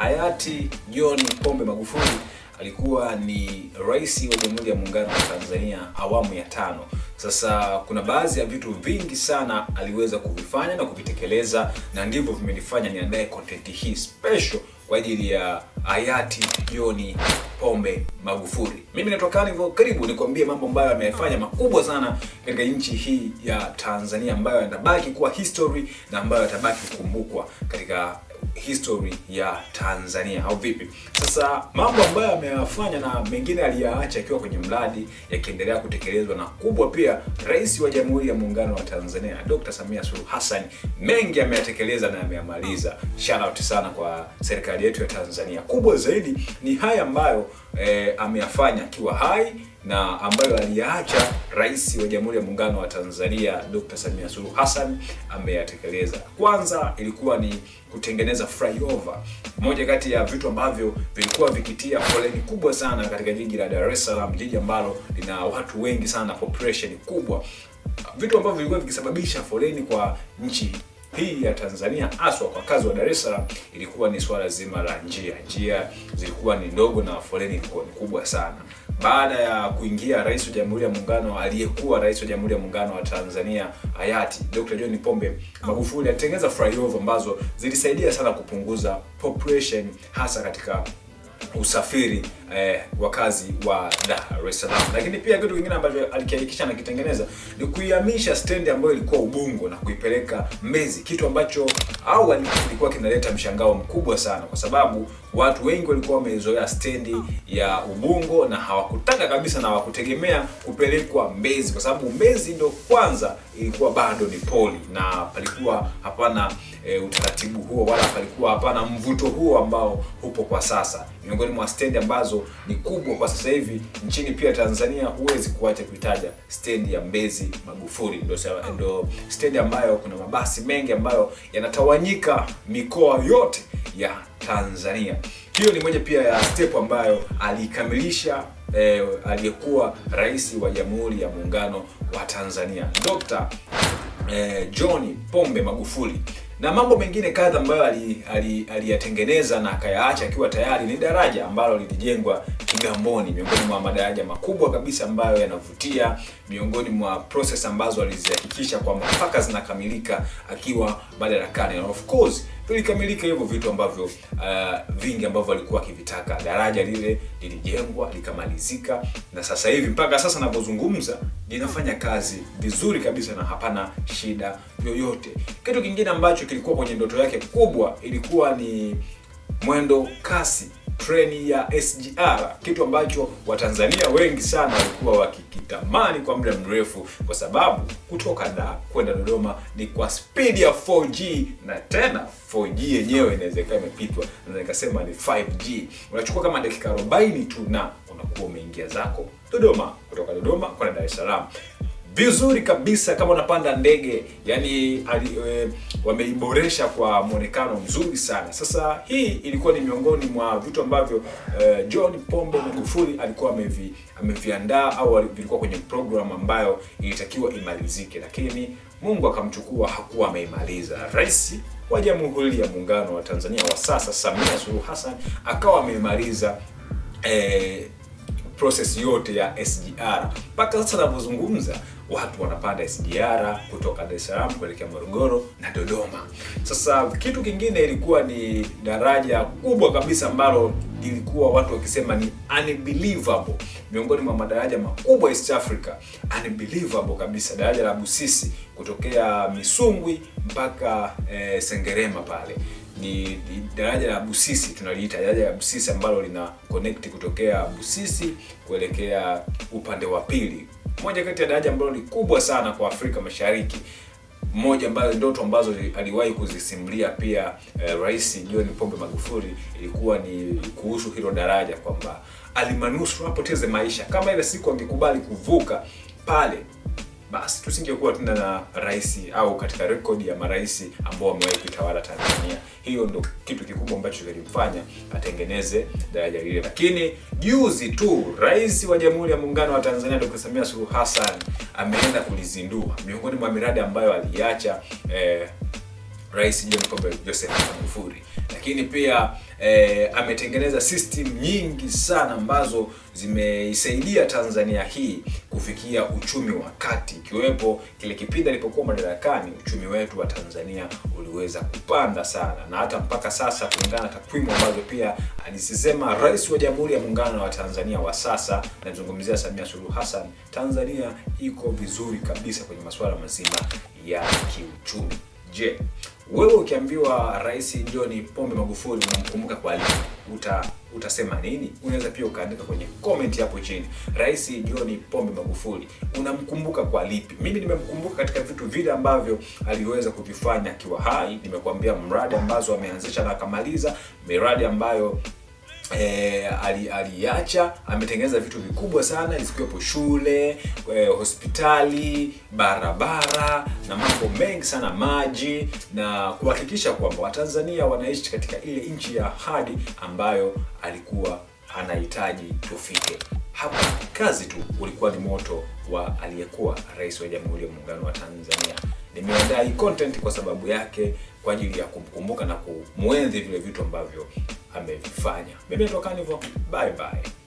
Hayati John Pombe Magufuli alikuwa ni rais wa Jamhuri ya Muungano wa Tanzania awamu ya tano. Sasa kuna baadhi ya vitu vingi sana aliweza kuvifanya na kuvitekeleza, na ndivyo vimenifanya niandae content hii special kwa ajili ya hayati John Pombe Magufuli. Mimi naitwa Kanivo, karibu nikwambie mambo ambayo ameyafanya makubwa sana katika nchi hii ya Tanzania, ambayo yatabaki kuwa history na ambayo yatabaki kukumbukwa katika history ya Tanzania au vipi? Sasa mambo ambayo ameyafanya na mengine aliyaacha akiwa kwenye mradi yakiendelea kutekelezwa, na kubwa pia, Rais wa Jamhuri ya Muungano wa Tanzania Dr. Samia Suluhu Hassan mengi ameyatekeleza na ameyamaliza. Shout out sana kwa serikali yetu ya Tanzania. Kubwa zaidi ni haya ambayo eh, ameyafanya akiwa hai na ambayo aliyaacha Rais wa Jamhuri ya Muungano wa Tanzania Dr. Samia Suluhu Hassan ameyatekeleza. Kwanza ilikuwa ni kutengeneza flyover, moja kati ya vitu ambavyo vilikuwa vikitia foleni kubwa sana katika jiji la Dar es Salaam, jiji ambalo lina watu wengi sana, population kubwa, vitu ambavyo vilikuwa vikisababisha foleni kwa nchi hii ya Tanzania haswa kwa kazi wa Dar es Salaam ilikuwa ni swala zima la njia. Njia zilikuwa ni ndogo na foleni ilikuwa ni kubwa sana. Baada ya kuingia rais wa Jamhuri ya Muungano, aliyekuwa rais wa Jamhuri ya Muungano wa Tanzania hayati Dr. John Pombe Magufuli alitengeneza flyover ambazo zilisaidia sana kupunguza population hasa katika usafiri eh, wakazi wa Dar es Salaam. Lakini pia kitu kingine ambacho alikihakikisha na kitengeneza ni kuihamisha stendi ambayo ilikuwa Ubungo na kuipeleka Mbezi, kitu ambacho awali kilikuwa kinaleta mshangao mkubwa sana, kwa sababu watu wengi walikuwa wamezoea stendi ya Ubungo na hawakutaka kabisa na hawakutegemea kupelekwa Mbezi, kwa sababu Mbezi ndio kwanza ilikuwa bado ni poli na palikuwa hapana e, utaratibu huo wala palikuwa hapana mvuto huo ambao upo kwa sasa. Miongoni mwa stendi ambazo ni kubwa kwa sasa hivi nchini pia Tanzania, huwezi kuacha kuitaja stendi ya Mbezi Magufuli, ndio stendi ambayo kuna mabasi mengi ambayo yana yanatawanyika mikoa yote ya Tanzania. Hiyo ni moja pia ya step ambayo alikamilisha eh, aliyekuwa rais wa Jamhuri ya Muungano wa Tanzania Dr. eh, John Pombe Magufuli na mambo mengine kadha ambayo aliyatengeneza ali, ali na akayaacha akiwa tayari ni daraja ambalo lilijengwa Kigamboni, miongoni mwa madaraja makubwa kabisa ambayo yanavutia, miongoni mwa process ambazo alizihakikisha kwamba mpaka zinakamilika akiwa madarakani. And of course vilikamilika hivyo vitu ambavyo uh, vingi ambavyo walikuwa wakivitaka. Daraja lile lilijengwa likamalizika, na sasa hivi mpaka sasa anavyozungumza linafanya kazi vizuri kabisa na hapana shida yoyote. Kitu kingine ambacho kilikuwa kwenye ndoto yake kubwa ilikuwa ni mwendo kasi treni ya SGR, kitu ambacho Watanzania wengi sana walikuwa wakikitamani kwa muda mrefu, kwa sababu kutoka Dar kwenda Dodoma ni kwa spidi ya 4G na tena 4G yenyewe ikawa imepitwa na nikasema ni 5G. Unachukua kama dakika 40 tu na unakuwa umeingia zako Dodoma, kutoka Dodoma kwenda Dar es Salaam vizuri kabisa kama unapanda ndege yani ali, e, wameiboresha kwa mwonekano mzuri sana. Sasa hii ilikuwa ni miongoni mwa vitu ambavyo e, John Pombe Magufuli alikuwa amevi, ameviandaa au vilikuwa kwenye programu ambayo ilitakiwa imalizike, lakini Mungu akamchukua, hakuwa ameimaliza. Rais wa Jamhuri ya Muungano wa Tanzania wa sasa Samia Suluhu Hassan akawa ameimaliza e, process yote ya SGR. Mpaka sasa ninavyozungumza, watu wanapanda SGR kutoka Dar es Salaam kuelekea Morogoro na Dodoma. Sasa kitu kingine ilikuwa ni daraja kubwa kabisa ambalo ilikuwa watu wakisema ni unbelievable, miongoni mwa madaraja makubwa East Africa, unbelievable kabisa, daraja la Busisi kutokea Misungwi mpaka eh, Sengerema pale ni, ni daraja la Busisi, tunaliita daraja la Busisi ambalo lina connect kutokea Busisi kuelekea upande wa pili, moja kati ya daraja ambalo ni kubwa sana kwa Afrika Mashariki moja ambayo ndoto ambazo aliwahi kuzisimulia pia eh, Rais John Pombe Magufuli ilikuwa ni kuhusu hilo daraja, kwamba alimanusu apoteze maisha. Kama ile siku angekubali kuvuka pale basi tusingekuwa tena na rais au katika rekodi ya marais ambao wamewahi kutawala Tanzania. Hiyo ndo kitu kikubwa ambacho kilimfanya atengeneze daraja lile. Lakini juzi tu rais wa Jamhuri ya Muungano wa Tanzania Dr. Samia Suluhu Hassan ameenda kulizindua miongoni mwa miradi ambayo aliacha eh, Rais John Pombe Joseph Magufuli, lakini pia eh, ametengeneza system nyingi sana ambazo zimeisaidia Tanzania hii kufikia uchumi wa kati, ikiwepo kile kipindi alipokuwa madarakani, uchumi wetu wa Tanzania uliweza kupanda sana, na hata mpaka sasa kulingana na takwimu ambazo pia alizisema Rais wa Jamhuri ya Muungano wa Tanzania wa sasa, namzungumzia Samia Suluhu Hassan, Tanzania iko vizuri kabisa kwenye masuala mazima ya kiuchumi. Je, wewe ukiambiwa Rais John Pombe Magufuli unamkumbuka kwa lipi? Uta utasema nini? Unaweza pia ukaandika kwenye comment hapo chini. Rais John Pombe Magufuli unamkumbuka kwa lipi? Mimi nimemkumbuka katika vitu vile ambavyo aliweza kuvifanya akiwa hai. Nimekuambia mradi ambazo ameanzisha na akamaliza, miradi ambayo E, aliacha ametengeneza vitu vikubwa sana zikiwepo shule e, hospitali, barabara na mambo mengi sana, maji na kuhakikisha kwamba Watanzania wanaishi katika ile nchi ya ahadi ambayo alikuwa anahitaji tufike. Hapa kazi tu ulikuwa ni moto wa aliyekuwa rais wa Jamhuri ya Muungano wa Tanzania. Nimeandaa hii content kwa sababu yake kwa ajili ya kumkumbuka na kumwenzi vile vitu ambavyo amevifanya. Mimi natoka hivyo, bye bye.